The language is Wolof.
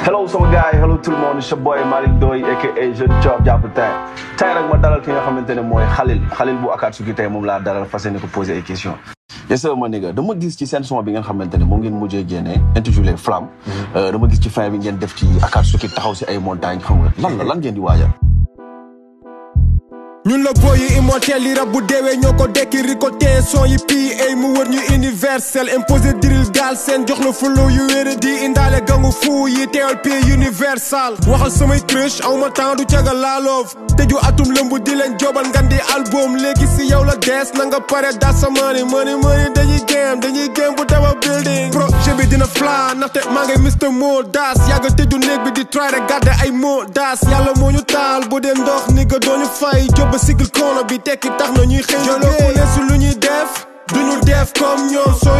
hello sama guy. hello tout le monde it's your boy Malick Ndoye aka Jeune Job jàpp tey tey nag ma dalal ki nga xamante ne mooy Khalil Khalil bu Akatsuki tey moom laa dalal fas ko poser ay questions. yes sir ma nigga dama gis ci seen son bi ngeen xamante ne moom ngeen mujjee génne intitulé Flamme. Mm-hmm. Euh, dama gis ci fin bi ngeen def ci Akatsuki taxaw si ay montagnes xam nga lan la lan ngeen di waajal. ñu la boy yi immortel yi rab bu deewee ñoo ko dekki ricoté son yi pii ay mu wër ñu universel imposé diril gaal seen jox la fulu yu wéere di indaale gangu fuu yi teewal pii universal waxal samay crush aw ma temps du caga laaloof tëju atum lëmb di leen jobal ngan di album léegi si yow la dees na nga pare das sa mani dañuy game dañuy game bu tabax building dina flan ndaxte maa ngay Mr Mo Dash yàgg tëju néeg bi di try rek garder ay moo daas yàlla moo ñu taal bu dee ndox ni nga dooñu fay jóba sigil koono bi tekki tax na ñuy xëy jëloo ku ne su lu ñuy def duñu def comme ñoom sooy